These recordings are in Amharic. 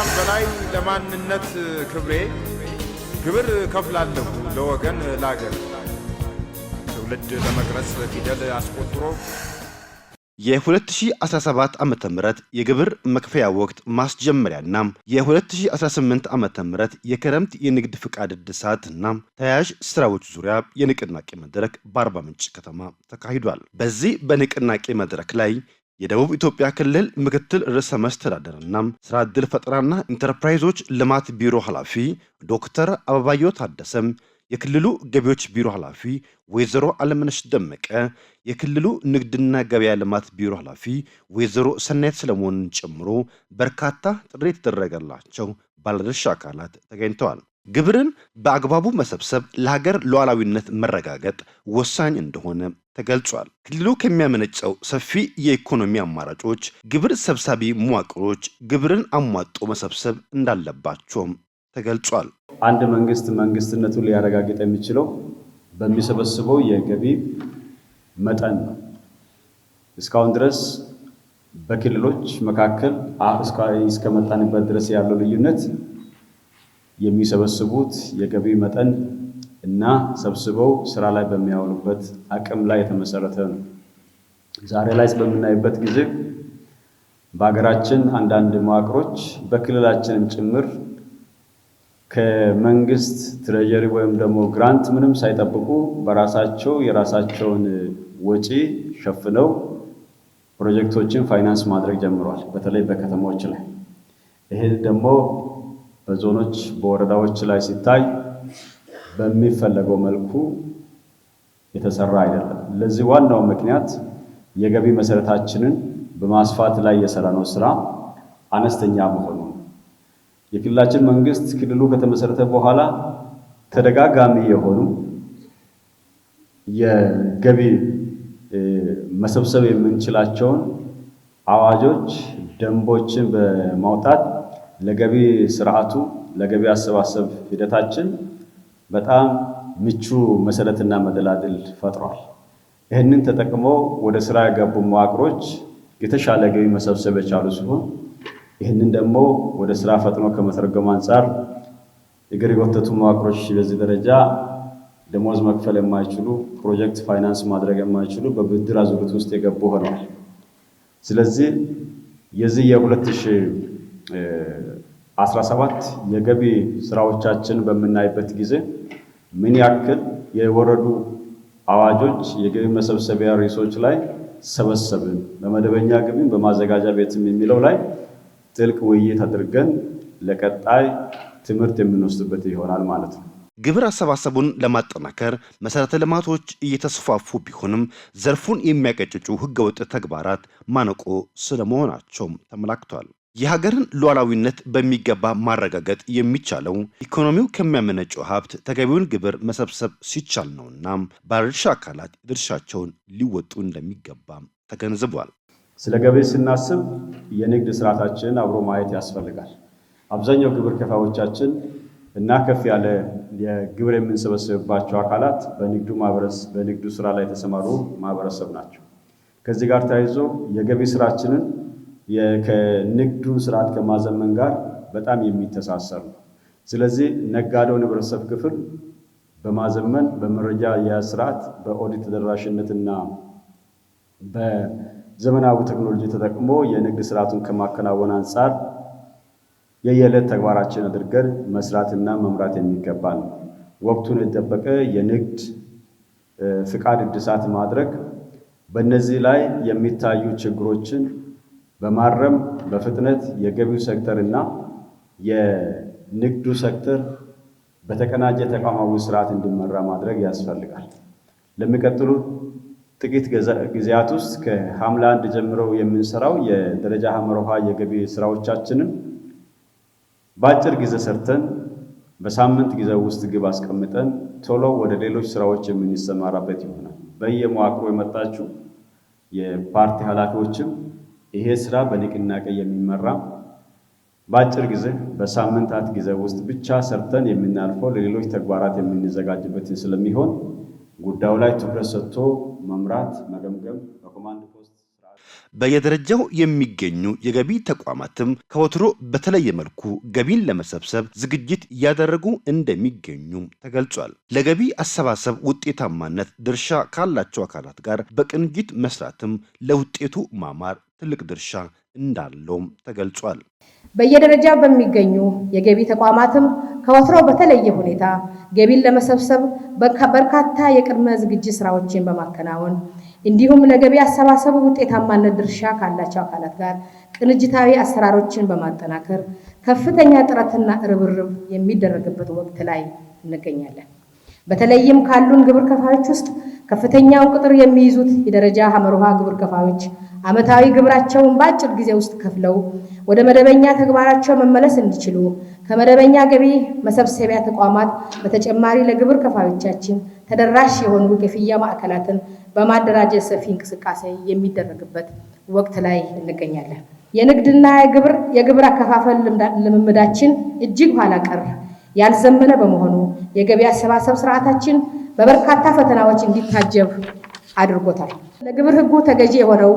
ከቃል በላይ ለማንነት ክብሬ ግብር ከፍላለሁ ለወገን ላገር ትውልድ ለመቅረጽ ፊደል አስቆጥሮ የ2017 ም የግብር መክፈያ ወቅት ማስጀመሪያና የ2018 ም የክረምት የንግድ ፍቃድ እድሳትና ተያያዥ ስራዎች ዙሪያ የንቅናቄ መድረክ በአርባ ምንጭ ከተማ ተካሂዷል። በዚህ በንቅናቄ መድረክ ላይ የደቡብ ኢትዮጵያ ክልል ምክትል ርዕሰ መስተዳደር ስራ ዕድል ፈጠራና ኢንተርፕራይዞች ልማት ቢሮ ኃላፊ ዶክተር አበባዮ ታደሰም፣ የክልሉ ገቢዎች ቢሮ ኃላፊ ወይዘሮ አለምነሽ ደመቀ፣ የክልሉ ንግድና ገበያ ልማት ቢሮ ኃላፊ ወይዘሮ ሰናይት ሰለሞንን ጨምሮ በርካታ ጥሪ የተደረገላቸው ባለድርሻ አካላት ተገኝተዋል። ግብርን በአግባቡ መሰብሰብ ለሀገር ሉዓላዊነት መረጋገጥ ወሳኝ እንደሆነ ተገልጿል። ክልሉ ከሚያመነጨው ሰፊ የኢኮኖሚ አማራጮች ግብር ሰብሳቢ መዋቅሮች ግብርን አሟጦ መሰብሰብ እንዳለባቸውም ተገልጿል። አንድ መንግስት መንግስትነቱን ሊያረጋግጥ የሚችለው በሚሰበስበው የገቢ መጠን ነው። እስካሁን ድረስ በክልሎች መካከል እስከመጣንበት ድረስ ያለው ልዩነት የሚሰበስቡት የገቢ መጠን እና ሰብስበው ስራ ላይ በሚያውሉበት አቅም ላይ የተመሰረተ ነው። ዛሬ ላይ በምናይበት ጊዜ በሀገራችን አንዳንድ መዋቅሮች በክልላችንም ጭምር ከመንግስት ትሬጀሪ ወይም ደግሞ ግራንት ምንም ሳይጠብቁ በራሳቸው የራሳቸውን ወጪ ሸፍነው ፕሮጀክቶችን ፋይናንስ ማድረግ ጀምሯል። በተለይ በከተሞች ላይ ይሄ ደግሞ በዞኖች በወረዳዎች ላይ ሲታይ በሚፈለገው መልኩ የተሰራ አይደለም። ለዚህ ዋናው ምክንያት የገቢ መሰረታችንን በማስፋት ላይ የሰራነው ስራ አነስተኛ መሆኑ ነው። የክልላችን መንግስት ክልሉ ከተመሰረተ በኋላ ተደጋጋሚ የሆኑ የገቢ መሰብሰብ የምንችላቸውን አዋጆች፣ ደንቦችን በማውጣት ለገቢ ስርዓቱ ለገቢ አሰባሰብ ሂደታችን በጣም ምቹ መሰረትና መደላድል ፈጥሯል። ይህንን ተጠቅሞ ወደ ስራ የገቡ መዋቅሮች የተሻለ ገቢ መሰብሰብ የቻሉ ሲሆን ይህንን ደግሞ ወደ ስራ ፈጥኖ ከመተረገሙ አንጻር እግር የጎተቱ መዋቅሮች በዚህ ደረጃ ደሞዝ መክፈል የማይችሉ ፕሮጀክት ፋይናንስ ማድረግ የማይችሉ በብድር አዙሪት ውስጥ የገቡ ሆነዋል። ስለዚህ የዚህ የሁለት ሺህ 17 የገቢ ስራዎቻችን በምናይበት ጊዜ ምን ያክል የወረዱ አዋጆች የገቢ መሰብሰቢያ ርዕሶች ላይ ሰበሰብን፣ በመደበኛ ገቢም በማዘጋጃ ቤትም የሚለው ላይ ጥልቅ ውይይት አድርገን ለቀጣይ ትምህርት የምንወስድበት ይሆናል ማለት ነው። ግብር አሰባሰቡን ለማጠናከር መሰረተ ልማቶች እየተስፋፉ ቢሆንም ዘርፉን የሚያቀጭጩ ህገወጥ ተግባራት ማነቆ ስለመሆናቸውም ተመላክቷል። የሀገርን ሉዓላዊነት በሚገባ ማረጋገጥ የሚቻለው ኢኮኖሚው ከሚያመነጨው ሀብት ተገቢውን ግብር መሰብሰብ ሲቻል ነውና ባለድርሻ አካላት ድርሻቸውን ሊወጡ እንደሚገባም ተገንዝቧል። ስለ ገቢ ስናስብ የንግድ ስርዓታችንን አብሮ ማየት ያስፈልጋል። አብዛኛው ግብር ከፋዮቻችን እና ከፍ ያለ የግብር የምንሰበስብባቸው አካላት በንግዱ ማህበረሰብ በንግዱ ስራ ላይ የተሰማሩ ማህበረሰብ ናቸው። ከዚህ ጋር ተያይዞ የገቢ ስራችንን የንግዱን ስርዓት ከማዘመን ጋር በጣም የሚተሳሰር ነው። ስለዚህ ነጋዴውን ህብረተሰብ ክፍል በማዘመን በመረጃ አያያዝ ስርዓት በኦዲት ተደራሽነትና በዘመናዊ ቴክኖሎጂ ተጠቅሞ የንግድ ስርዓቱን ከማከናወን አንጻር የየዕለት ተግባራችን አድርገን መስራትና መምራት የሚገባ ነው። ወቅቱን የጠበቀ የንግድ ፍቃድ እድሳት ማድረግ በእነዚህ ላይ የሚታዩ ችግሮችን በማረም በፍጥነት የገቢው ሴክተር እና የንግዱ ሴክተር በተቀናጀ ተቋማዊ ስርዓት እንዲመራ ማድረግ ያስፈልጋል። ለሚቀጥሉት ጥቂት ጊዜያት ውስጥ ከሐምሌ አንድ ጀምሮ የምንሰራው የደረጃ ሀመሮሃ የገቢ ስራዎቻችንን በአጭር ጊዜ ሰርተን በሳምንት ጊዜ ውስጥ ግብ አስቀምጠን ቶሎ ወደ ሌሎች ስራዎች የምንሰማራበት ይሆናል። በየመዋቅሩ የመጣችሁ የፓርቲ ኃላፊዎችም ይሄ ስራ በንቅናቄ የሚመራ በአጭር ጊዜ በሳምንታት ጊዜ ውስጥ ብቻ ሰርተን የምናልፈው ለሌሎች ተግባራት የምንዘጋጅበትን ስለሚሆን ጉዳዩ ላይ ትኩረት ሰጥቶ መምራት፣ መገምገም በኮማንድ ፖስት በየደረጃው የሚገኙ የገቢ ተቋማትም ከወትሮ በተለየ መልኩ ገቢን ለመሰብሰብ ዝግጅት እያደረጉ እንደሚገኙም ተገልጿል። ለገቢ አሰባሰብ ውጤታማነት ድርሻ ካላቸው አካላት ጋር በቅንጅት መስራትም ለውጤቱ ማማር ትልቅ ድርሻ እንዳለውም ተገልጿል። በየደረጃ በሚገኙ የገቢ ተቋማትም ከወትሮው በተለየ ሁኔታ ገቢን ለመሰብሰብ በርካታ የቅድመ ዝግጅት ስራዎችን በማከናወን እንዲሁም ለገቢ አሰባሰቡ ውጤታማነት ድርሻ ካላቸው አካላት ጋር ቅንጅታዊ አሰራሮችን በማጠናከር ከፍተኛ ጥረትና ርብርብ የሚደረግበት ወቅት ላይ እንገኛለን። በተለይም ካሉን ግብር ከፋዮች ውስጥ ከፍተኛውን ቁጥር የሚይዙት የደረጃ ሀመርሃ ግብር ከፋዮች ዓመታዊ ግብራቸውን በአጭር ጊዜ ውስጥ ከፍለው ወደ መደበኛ ተግባራቸው መመለስ እንዲችሉ ከመደበኛ ገቢ መሰብሰቢያ ተቋማት በተጨማሪ ለግብር ከፋዮቻችን ተደራሽ የሆኑ የክፍያ ማዕከላትን በማደራጀት ሰፊ እንቅስቃሴ የሚደረግበት ወቅት ላይ እንገኛለን። የንግድና የግብር አከፋፈል ልምምዳችን እጅግ ኋላ ቀር ያልዘመነ በመሆኑ የገቢ አሰባሰብ ስርዓታችን በበርካታ ፈተናዎች እንዲታጀብ አድርጎታል። ለግብር ህጉ ተገዢ የሆነው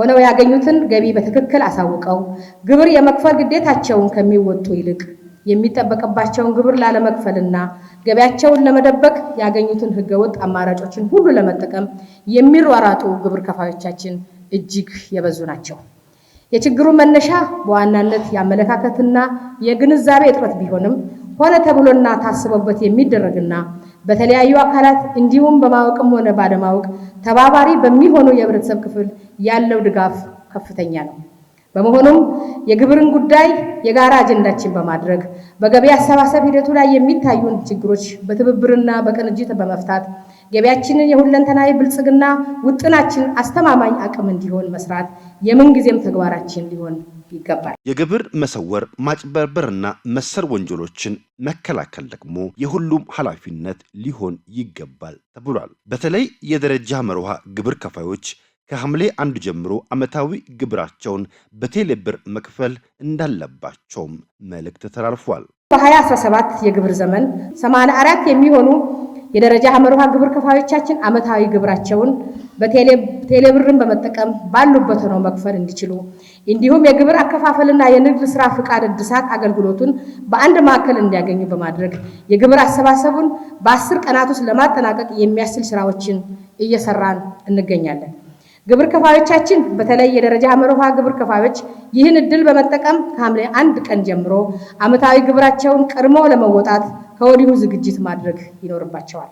ሆነው ያገኙትን ገቢ በትክክል አሳውቀው ግብር የመክፈል ግዴታቸውን ከሚወጡ ይልቅ የሚጠበቅባቸውን ግብር ላለመክፈልና ገቢያቸውን ለመደበቅ ያገኙትን ህገወጥ አማራጮችን ሁሉ ለመጠቀም የሚሯሯጡ ግብር ከፋዮቻችን እጅግ የበዙ ናቸው። የችግሩ መነሻ በዋናነት የአመለካከትና የግንዛቤ እጥረት ቢሆንም ሆነ ተብሎና ታስቦበት የሚደረግና በተለያዩ አካላት እንዲሁም በማወቅም ሆነ ባለማወቅ ተባባሪ በሚሆኑ የህብረተሰብ ክፍል ያለው ድጋፍ ከፍተኛ ነው። በመሆኑም የግብርን ጉዳይ የጋራ አጀንዳችን በማድረግ በገቢ አሰባሰብ ሂደቱ ላይ የሚታዩን ችግሮች በትብብርና በቅንጅት በመፍታት ገቢያችንን የሁለንተናዊ ብልጽግና ውጥናችን አስተማማኝ አቅም እንዲሆን መስራት የምንጊዜም ተግባራችን ሊሆን ይገባል። የግብር መሰወር፣ ማጭበርበርና መሰል ወንጀሎችን መከላከል ደግሞ የሁሉም ኃላፊነት ሊሆን ይገባል ተብሏል። በተለይ የደረጃ መርሃ ግብር ከፋዮች ከሐምሌ አንዱ ጀምሮ ዓመታዊ ግብራቸውን በቴሌብር መክፈል እንዳለባቸውም መልእክት ተላልፏል። በ2017 የግብር ዘመን 84 የሚሆኑ የደረጃ ሀመሩሃ ግብር ከፋዮቻችን አመታዊ ግብራቸውን በቴሌብርን በመጠቀም ባሉበት ሆነው መክፈል እንዲችሉ እንዲሁም የግብር አከፋፈልና የንግድ ስራ ፍቃድ እድሳት አገልግሎቱን በአንድ ማዕከል እንዲያገኙ በማድረግ የግብር አሰባሰቡን በአስር ቀናት ውስጥ ለማጠናቀቅ የሚያስችል ስራዎችን እየሰራን እንገኛለን። ግብር ከፋዮቻችን በተለይ የደረጃ መርሃ ግብር ከፋዮች ይህን እድል በመጠቀም ከሐምሌ አንድ ቀን ጀምሮ ዓመታዊ ግብራቸውን ቀድሞ ለመወጣት ከወዲሁ ዝግጅት ማድረግ ይኖርባቸዋል።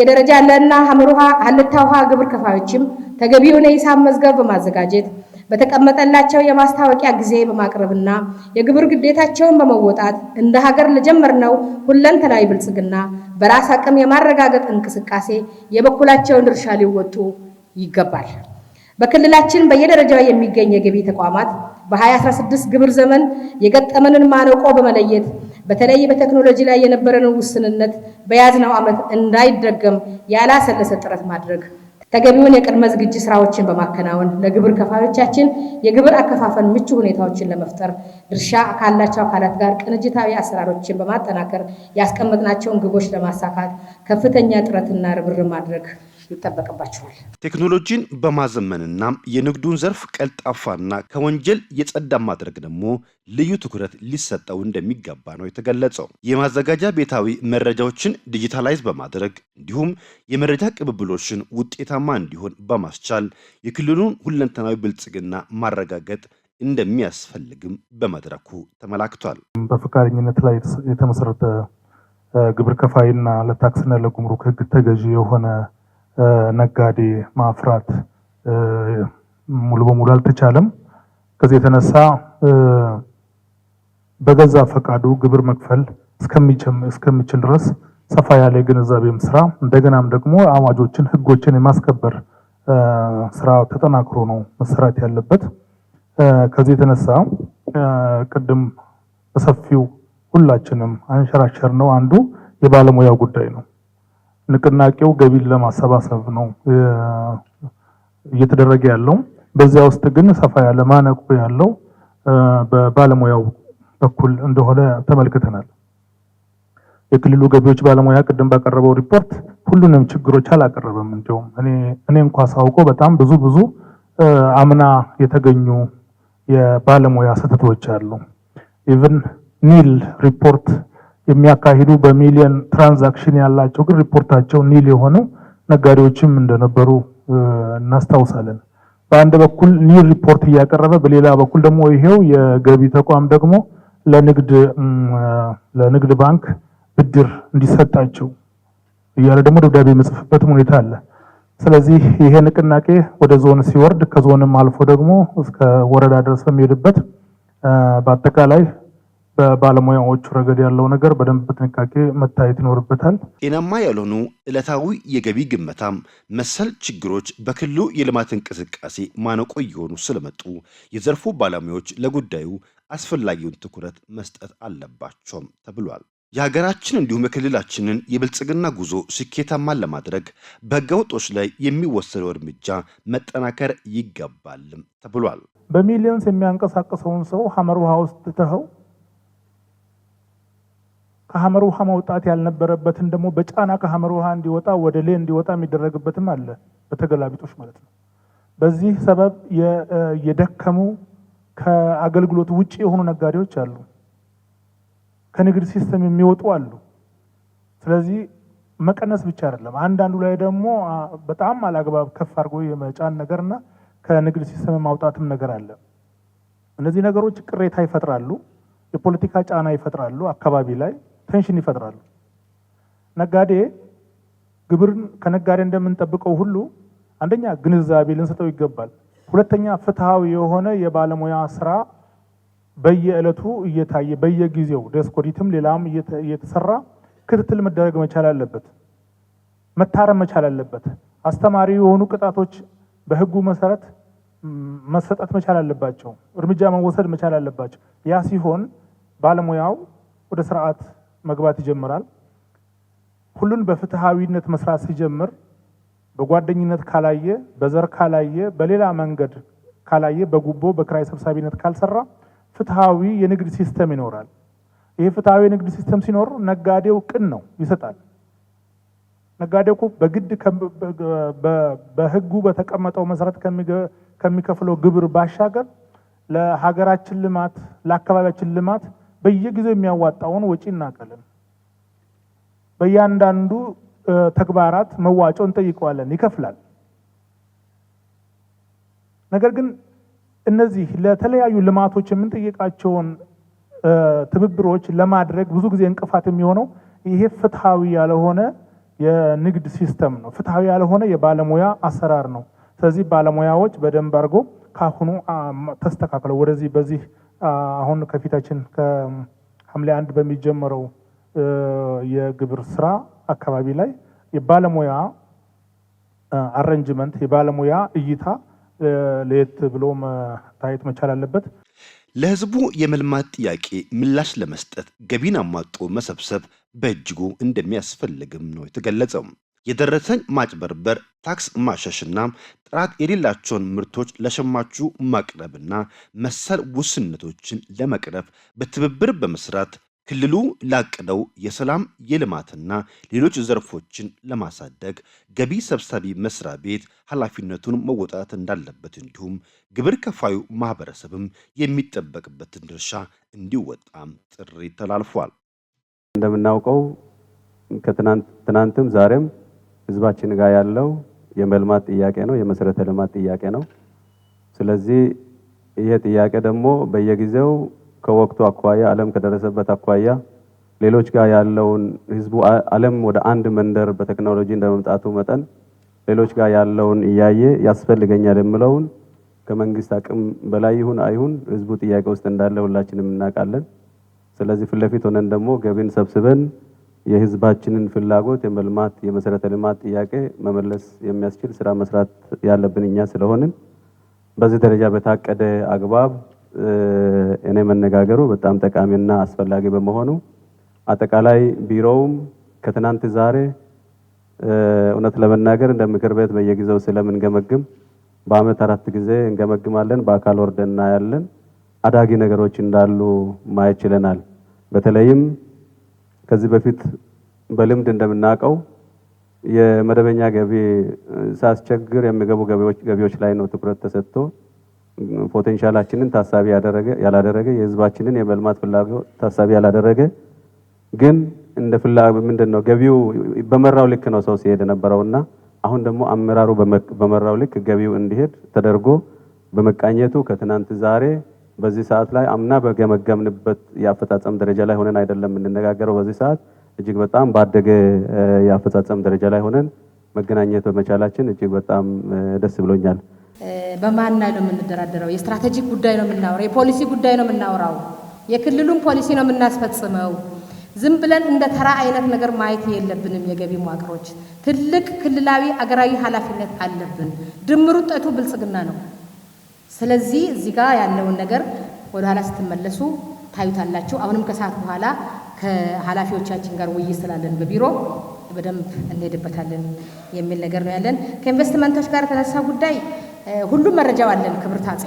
የደረጃ ለና ሐመሩሃ ሀልታ ውሃ ግብር ከፋዮችም ተገቢውን የሂሳብ መዝገብ በማዘጋጀት በተቀመጠላቸው የማስታወቂያ ጊዜ በማቅረብና የግብር ግዴታቸውን በመወጣት እንደ ሀገር ለጀመርነው ሁለንተናዊ ብልጽግና በራስ አቅም የማረጋገጥ እንቅስቃሴ የበኩላቸውን ድርሻ ሊወጡ ይገባል። በክልላችን በየደረጃው የሚገኝ የገቢ ተቋማት በ2016 ግብር ዘመን የገጠመንን ማነቆ በመለየት በተለይ በቴክኖሎጂ ላይ የነበረንን ውስንነት በያዝነው ዓመት እንዳይደገም ያላሰለሰ ጥረት ማድረግ፣ ተገቢውን የቅድመ ዝግጅት ስራዎችን በማከናወን ለግብር ከፋዮቻችን የግብር አከፋፈል ምቹ ሁኔታዎችን ለመፍጠር ድርሻ ካላቸው አካላት ጋር ቅንጅታዊ አሰራሮችን በማጠናከር ያስቀመጥናቸውን ግቦች ለማሳካት ከፍተኛ ጥረትና ርብርብ ማድረግ ይጠበቅባቸዋል። ቴክኖሎጂን በማዘመንና የንግዱን ዘርፍ ቀልጣፋና ከወንጀል የጸዳ ማድረግ ደግሞ ልዩ ትኩረት ሊሰጠው እንደሚገባ ነው የተገለጸው። የማዘጋጃ ቤታዊ መረጃዎችን ዲጂታላይዝ በማድረግ እንዲሁም የመረጃ ቅብብሎችን ውጤታማ እንዲሆን በማስቻል የክልሉን ሁለንተናዊ ብልጽግና ማረጋገጥ እንደሚያስፈልግም በመድረኩ ተመላክቷል። በፈቃደኝነት ላይ የተመሰረተ ግብር ከፋይና ለታክስና ለጉምሩክ ሕግ ተገዢ የሆነ ነጋዴ ማፍራት ሙሉ በሙሉ አልተቻለም። ከዚህ የተነሳ በገዛ ፈቃዱ ግብር መክፈል እስከሚችል ድረስ ሰፋ ያለ የግንዛቤም ስራ እንደገናም ደግሞ አዋጆችን፣ ህጎችን የማስከበር ስራ ተጠናክሮ ነው መሰራት ያለበት። ከዚህ የተነሳ ቅድም በሰፊው ሁላችንም አንሸራሸር ነው አንዱ የባለሙያ ጉዳይ ነው። ንቅናቄው ገቢን ለማሰባሰብ ነው እየተደረገ ያለው። በዚያ ውስጥ ግን ሰፋ ያለ ማነቆ ያለው በባለሙያው በኩል እንደሆነ ተመልክተናል። የክልሉ ገቢዎች ባለሙያ ቅድም ባቀረበው ሪፖርት ሁሉንም ችግሮች አላቀረበም። እንዲሁም እኔ እኔ እንኳ ሳውቀው በጣም ብዙ ብዙ አምና የተገኙ የባለሙያ ስህተቶች አሉ። ኢቭን ኒል ሪፖርት የሚያካሂዱ በሚሊየን ትራንዛክሽን ያላቸው ግን ሪፖርታቸው ኒል የሆነ ነጋዴዎችም እንደነበሩ እናስታውሳለን። በአንድ በኩል ኒል ሪፖርት እያቀረበ በሌላ በኩል ደግሞ ይሄው የገቢ ተቋም ደግሞ ለንግድ ለንግድ ባንክ ብድር እንዲሰጣቸው እያለ ደግሞ ደብዳቤ የመጽፍበትም ሁኔታ አለ። ስለዚህ ይሄ ንቅናቄ ወደ ዞን ሲወርድ ከዞንም አልፎ ደግሞ እስከ ወረዳ ድረስ በሚሄድበት በአጠቃላይ በባለሙያዎቹ ረገድ ያለው ነገር በደንብ በጥንቃቄ መታየት ይኖርበታል። ጤናማ ያልሆኑ ዕለታዊ የገቢ ግመታም መሰል ችግሮች በክልሉ የልማት እንቅስቃሴ ማነቆ እየሆኑ ስለመጡ የዘርፉ ባለሙያዎች ለጉዳዩ አስፈላጊውን ትኩረት መስጠት አለባቸውም ተብሏል። የሀገራችን እንዲሁም የክልላችንን የብልጽግና ጉዞ ስኬታማን ለማድረግ በህገወጦች ላይ የሚወሰደው እርምጃ መጠናከር ይገባልም ተብሏል። በሚሊዮንስ የሚያንቀሳቀሰውን ሰው ሐመር ውሃ ውስጥ ትተኸው ከሐመር ውሃ መውጣት ያልነበረበትን ደግሞ በጫና ከሐመር ውሃ እንዲወጣ ወደ ሌ እንዲወጣ የሚደረግበትም አለ፣ በተገላቢጦች ማለት ነው። በዚህ ሰበብ የደከሙ ከአገልግሎት ውጭ የሆኑ ነጋዴዎች አሉ፣ ከንግድ ሲስተም የሚወጡ አሉ። ስለዚህ መቀነስ ብቻ አይደለም፣ አንዳንዱ ላይ ደግሞ በጣም አላግባብ ከፍ አድርጎ የመጫን ነገርና ከንግድ ሲስተም ማውጣትም ነገር አለ። እነዚህ ነገሮች ቅሬታ ይፈጥራሉ፣ የፖለቲካ ጫና ይፈጥራሉ አካባቢ ላይ ቴንሽን ይፈጥራሉ። ነጋዴ ግብርን ከነጋዴ እንደምንጠብቀው ሁሉ አንደኛ ግንዛቤ ልንሰጠው ይገባል። ሁለተኛ ፍትሐዊ የሆነ የባለሙያ ስራ በየዕለቱ እየታየ በየጊዜው ደስኮዲትም ሌላም እየተሰራ ክትትል መደረግ መቻል አለበት፣ መታረም መቻል አለበት። አስተማሪ የሆኑ ቅጣቶች በህጉ መሰረት መሰጠት መቻል አለባቸው፣ እርምጃ መወሰድ መቻል አለባቸው። ያ ሲሆን ባለሙያው ወደ ስርዓት መግባት ይጀምራል። ሁሉን በፍትሃዊነት መስራት ሲጀምር በጓደኝነት ካላየ፣ በዘር ካላየ፣ በሌላ መንገድ ካላየ፣ በጉቦ በክራይ ሰብሳቢነት ካልሰራ ፍትሃዊ የንግድ ሲስተም ይኖራል። ይህ ፍትሃዊ የንግድ ሲስተም ሲኖር ነጋዴው ቅን ነው፣ ይሰጣል። ነጋዴው እኮ በግድ በህጉ በተቀመጠው መሰረት ከሚከፍለው ግብር ባሻገር ለሀገራችን ልማት ለአካባቢያችን ልማት በየጊዜው የሚያዋጣውን ወጪ እናቀልን። በእያንዳንዱ ተግባራት መዋጮ እንጠይቀዋለን፣ ይከፍላል። ነገር ግን እነዚህ ለተለያዩ ልማቶች የምንጠይቃቸውን ትብብሮች ለማድረግ ብዙ ጊዜ እንቅፋት የሚሆነው ይሄ ፍትሐዊ ያልሆነ የንግድ ሲስተም ነው። ፍትሐዊ ያልሆነ የባለሙያ አሰራር ነው። ስለዚህ ባለሙያዎች በደንብ አድርጎ ከአሁኑ ተስተካክለው ወደዚህ በዚህ አሁን ከፊታችን ከሐምሌ አንድ በሚጀመረው የግብር ስራ አካባቢ ላይ የባለሙያ አረንጅመንት የባለሙያ እይታ ለየት ብሎ መታየት መቻል አለበት። ለህዝቡ የመልማት ጥያቄ ምላሽ ለመስጠት ገቢን አሟጦ መሰብሰብ በእጅጉ እንደሚያስፈልግም ነው የተገለጸው። የደረሰኝ ማጭበርበር፣ ታክስ ማሸሽና ጥራት የሌላቸውን ምርቶች ለሸማቹ ማቅረብና መሰል ውስንነቶችን ለመቅረፍ በትብብር በመስራት ክልሉ ላቅደው የሰላም የልማትና ሌሎች ዘርፎችን ለማሳደግ ገቢ ሰብሳቢ መስሪያ ቤት ኃላፊነቱን መወጣት እንዳለበት እንዲሁም ግብር ከፋዩ ማህበረሰብም የሚጠበቅበትን ድርሻ እንዲወጣም ጥሪ ተላልፏል። እንደምናውቀው ከትናንትም ዛሬም ህዝባችን ጋር ያለው የመልማት ጥያቄ ነው፣ የመሰረተ ልማት ጥያቄ ነው። ስለዚህ ይሄ ጥያቄ ደግሞ በየጊዜው ከወቅቱ አኳያ ዓለም ከደረሰበት አኳያ ሌሎች ጋር ያለውን ህዝቡ ዓለም ወደ አንድ መንደር በቴክኖሎጂ እንደመምጣቱ መጠን ሌሎች ጋር ያለውን እያየ ያስፈልገኛል የምለውን ከመንግስት አቅም በላይ ይሁን አይሁን ህዝቡ ጥያቄ ውስጥ እንዳለ ሁላችንም እናውቃለን። ስለዚህ ፊት ለፊት ሆነን ደግሞ ገቢን ሰብስበን የህዝባችንን ፍላጎት የመልማት የመሰረተ ልማት ጥያቄ መመለስ የሚያስችል ስራ መስራት ያለብን እኛ ስለሆንን በዚህ ደረጃ በታቀደ አግባብ እኔ መነጋገሩ በጣም ጠቃሚና አስፈላጊ በመሆኑ አጠቃላይ ቢሮውም ከትናንት ዛሬ እውነት ለመናገር እንደ ምክር ቤት በየጊዜው ስለምንገመግም በአመት አራት ጊዜ እንገመግማለን። በአካል ወርደን እናያለን። አዳጊ ነገሮች እንዳሉ ማየት ችለናል። በተለይም ከዚህ በፊት በልምድ እንደምናውቀው የመደበኛ ገቢ ሳስቸግር የሚገቡ ገቢዎች ላይ ነው ትኩረት ተሰጥቶ ፖቴንሻላችንን ታሳቢ ያላደረገ የህዝባችንን የመልማት ፍላጎት ታሳቢ ያላደረገ ግን እንደ ፍላ ምንድን ነው ገቢው በመራው ልክ ነው ሰው ሲሄድ እና አሁን ደግሞ አመራሩ በመራው ልክ ገቢው እንዲሄድ ተደርጎ በመቃኘቱ ከትናንት ዛሬ በዚህ ሰዓት ላይ አምና በገመገምንበት የአፈጻጸም ደረጃ ላይ ሆነን አይደለም የምንነጋገረው። በዚህ ሰዓት እጅግ በጣም ባደገ የአፈጻጸም ደረጃ ላይ ሆነን መገናኘት በመቻላችን እጅግ በጣም ደስ ብሎኛል። በማን ላይ ነው የምንደራደረው? የስትራቴጂክ ጉዳይ ነው የምናወራው፣ የፖሊሲ ጉዳይ ነው የምናወራው፣ የክልሉን ፖሊሲ ነው የምናስፈጽመው። ዝም ብለን እንደ ተራ አይነት ነገር ማየት የለብንም። የገቢ መዋቅሮች ትልቅ ክልላዊ አገራዊ ኃላፊነት አለብን። ድምር ውጤቱ ብልጽግና ነው። ስለዚህ እዚህ ጋር ያለውን ነገር ወደ ኋላ ስትመለሱ ታዩታላችሁ። አሁንም ከሰዓት በኋላ ከኃላፊዎቻችን ጋር ውይይት ስላለን በቢሮ በደንብ እንሄድበታለን የሚል ነገር ነው ያለን። ከኢንቨስትመንቶች ጋር የተነሳ ጉዳይ ሁሉም መረጃው አለን። ክብርት አጼ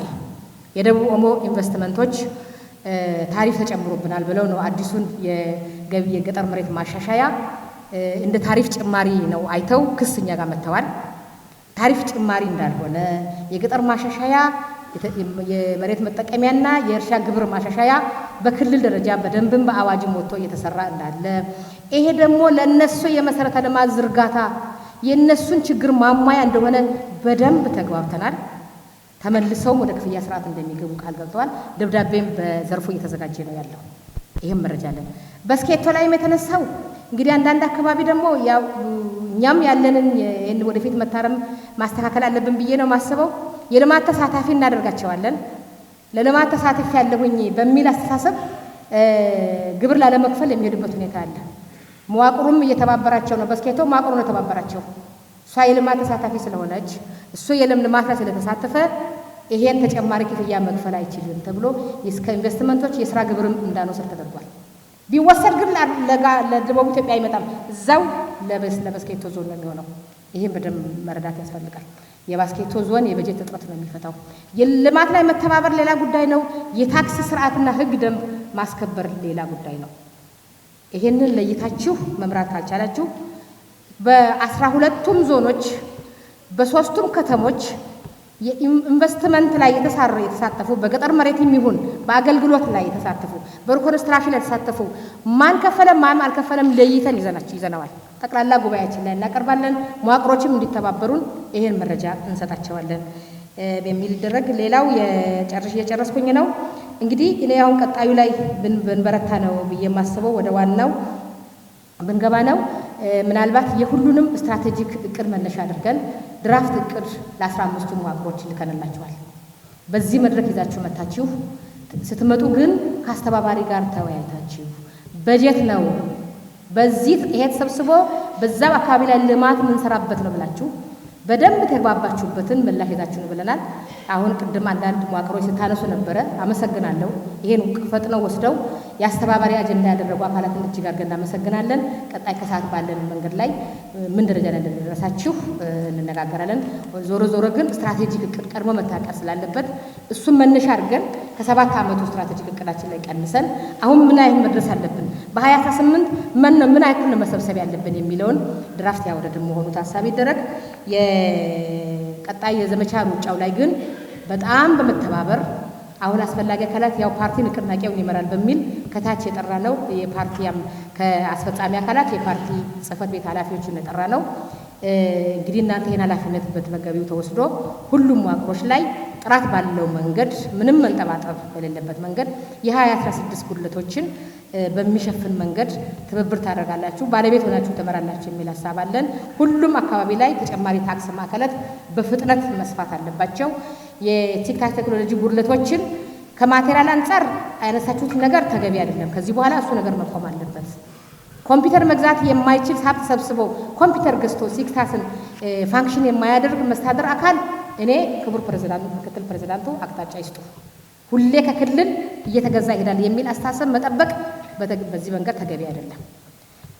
የደቡብ ኦሞ ኢንቨስትመንቶች ታሪፍ ተጨምሮብናል ብለው ነው አዲሱን የገቢ የገጠር መሬት ማሻሻያ እንደ ታሪፍ ጭማሪ ነው አይተው ክስ እኛ ጋር መጥተዋል። ታሪፍ ጭማሪ እንዳልሆነ የገጠር ማሻሻያ የመሬት መጠቀሚያና የእርሻ ግብር ማሻሻያ በክልል ደረጃ በደንብም በአዋጅም ወጥቶ እየተሰራ እንዳለ ይሄ ደግሞ ለእነሱ የመሰረተ ልማት ዝርጋታ የእነሱን ችግር ማሟያ እንደሆነ በደንብ ተግባብተናል። ተመልሰውም ወደ ክፍያ ስርዓት እንደሚገቡ ቃል ገብተዋል። ደብዳቤም በዘርፉ እየተዘጋጀ ነው ያለው። ይህም መረጃ አለን። በስኬቶ ላይም የተነሳው እንግዲህ አንዳንድ አካባቢ ደግሞ እኛም ያለንን ወደፊት መታረም ማስተካከል አለብን ብዬ ነው ማስበው። የልማት ተሳታፊ እናደርጋቸዋለን። ለልማት ተሳታፊ ያለሁኝ በሚል አስተሳሰብ ግብር ላለመክፈል የሚሄዱበት ሁኔታ አለ። መዋቅሩም እየተባበራቸው ነው። በስኬቶ መዋቅሩ ነው የተባበራቸው። እሷ የልማት ተሳታፊ ስለሆነች እሱ የለም ልማት ላይ ስለተሳተፈ ይሄን ተጨማሪ ክፍያ መክፈል አይችልም ተብሎ እስከ ኢንቨስትመንቶች የስራ ግብርም እንዳንወስድ ተደርጓል። ቢወሰድ ግን ለደቡብ ኢትዮጵያ አይመጣም። እዛው ለበስኬቶ ዞን ነው የሚሆነው። ይህም በደንብ መረዳት ያስፈልጋል። የባስኬቶ ዞን የበጀት እጥረት ነው የሚፈታው። የልማት ላይ መተባበር ሌላ ጉዳይ ነው። የታክስ ስርዓትና ህግ ደንብ ማስከበር ሌላ ጉዳይ ነው። ይሄንን ለይታችሁ መምራት ካልቻላችሁ በአስራ ሁለቱም ዞኖች በሶስቱም ከተሞች የኢንቨስትመንት ላይ የተሳተፉ በገጠር መሬት የሚሆን በአገልግሎት ላይ የተሳተፉ በኮንስትራክሽን ላይ የተሳተፉ ማን ከፈለም ማን አልከፈለም ለይተን ይዘናችሁ ይዘነዋል። ጠቅላላ ጉባኤያችን ላይ እናቀርባለን። መዋቅሮችም እንዲተባበሩን ይህን መረጃ እንሰጣቸዋለን በሚል ይደረግ። ሌላው እየጨረስኩኝ ነው እንግዲህ እኔ አሁን ቀጣዩ ላይ ብንበረታ ነው ብዬ የማስበው ወደ ዋናው ብንገባ ነው። ምናልባት የሁሉንም ስትራቴጂክ እቅድ መነሻ አድርገን ድራፍት እቅድ ለአስራ አምስቱ መዋቅሮች ልከንላቸዋል። በዚህ መድረክ ይዛችሁ መታችሁ ስትመጡ ግን ከአስተባባሪ ጋር ተወያይታችሁ በጀት ነው በዚህ ይሄ ተሰብስቦ በዛ አካባቢ ላይ ልማት የምንሰራበት ነው ብላችሁ በደንብ ተግባባችሁበትን ምላሽ ይዛችሁ ነው ብለናል። አሁን ቅድም አንዳንድ መዋቅሮች ስታነሱ ነበረ። አመሰግናለሁ። ይሄን ፈጥነው ወስደው የአስተባባሪ አጀንዳ ያደረጉ አካላትን እጅግ አድርገን እናመሰግናለን። ቀጣይ ከሰዓት ባለን መንገድ ላይ ምን ደረጃ ላይ እንደደረሳችሁ እንነጋገራለን። ዞሮ ዞሮ ግን ስትራቴጂክ እቅድ ቀድሞ መታቀድ ስላለበት እሱን መነሻ አድርገን ከሰባት ዓመቱ ስትራቴጂክ እቅዳችን ላይ ቀንሰን አሁን ምን ያህል መድረስ አለብን፣ በ2018 ምን ያክል መሰብሰብ ያለብን የሚለውን ድራፍት ያወረድን መሆኑ ታሳቢ ይደረግ። የቀጣይ የዘመቻ ሩጫው ላይ ግን በጣም በመተባበር አሁን አስፈላጊ አካላት ያው ፓርቲ ንቅናቄውን ይመራል በሚል ከታች የጠራ ነው። የፓርቲ ከአስፈጻሚ አካላት የፓርቲ ጽህፈት ቤት ኃላፊዎችን የጠራ ነው። እንግዲህ እናንተ ይህን ኃላፊነት በተመገቢው ተወስዶ ሁሉም መዋቅሮች ላይ ጥራት ባለው መንገድ ምንም መንጠባጠብ በሌለበት መንገድ የ2016 ጉድለቶችን በሚሸፍን መንገድ ትብብር ታደርጋላችሁ፣ ባለቤት ሆናችሁ ትመራላችሁ የሚል ሀሳብ አለን። ሁሉም አካባቢ ላይ ተጨማሪ ታክስ ማዕከላት በፍጥነት መስፋት አለባቸው። የቲካ ቴክኖሎጂ ጉድለቶችን ከማቴሪያል አንጻር ያነሳችሁት ነገር ተገቢ አይደለም። ከዚህ በኋላ እሱ ነገር መቆም አለበት። ኮምፒውተር መግዛት የማይችል ሀብት ሰብስቦ ኮምፒውተር ገዝቶ ሲክታስን ፋንክሽን የማያደርግ መስታደር አካል እኔ ክቡር ፕሬዚዳንቱ፣ ምክትል ፕሬዚዳንቱ አቅጣጫ ይስጡ። ሁሌ ከክልል እየተገዛ ይሄዳል የሚል አስተሳሰብ መጠበቅ በዚህ መንገድ ተገቢ አይደለም።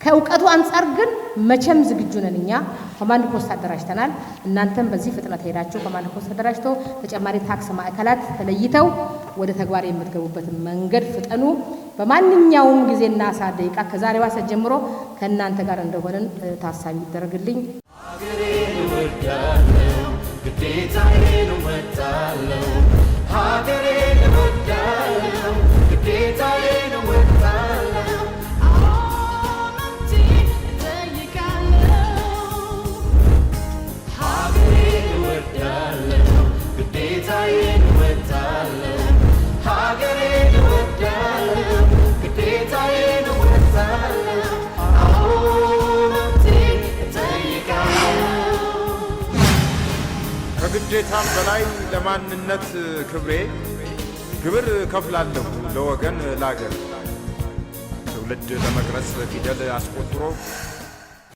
ከእውቀቱ አንጻር ግን መቼም ዝግጁ ነን። እኛ ኮማንድ ፖስት አደራጅተናል። እናንተም በዚህ ፍጥነት ሄዳችሁ ኮማንድ ፖስት አደራጅቶ ተጨማሪ ታክስ ማዕከላት ተለይተው ወደ ተግባር የምትገቡበትን መንገድ ፍጠኑ። በማንኛውም ጊዜና ሰዓት ደቂቃ ከዛሬ ባሰ ጀምሮ ከእናንተ ጋር እንደሆንን ታሳቢ ይደረግልኝ። ክብሬ ግብር ከፍላለሁ ለወገን ላገር ትውልድ ለመቅረጽ ፊደል አስቆጥሮ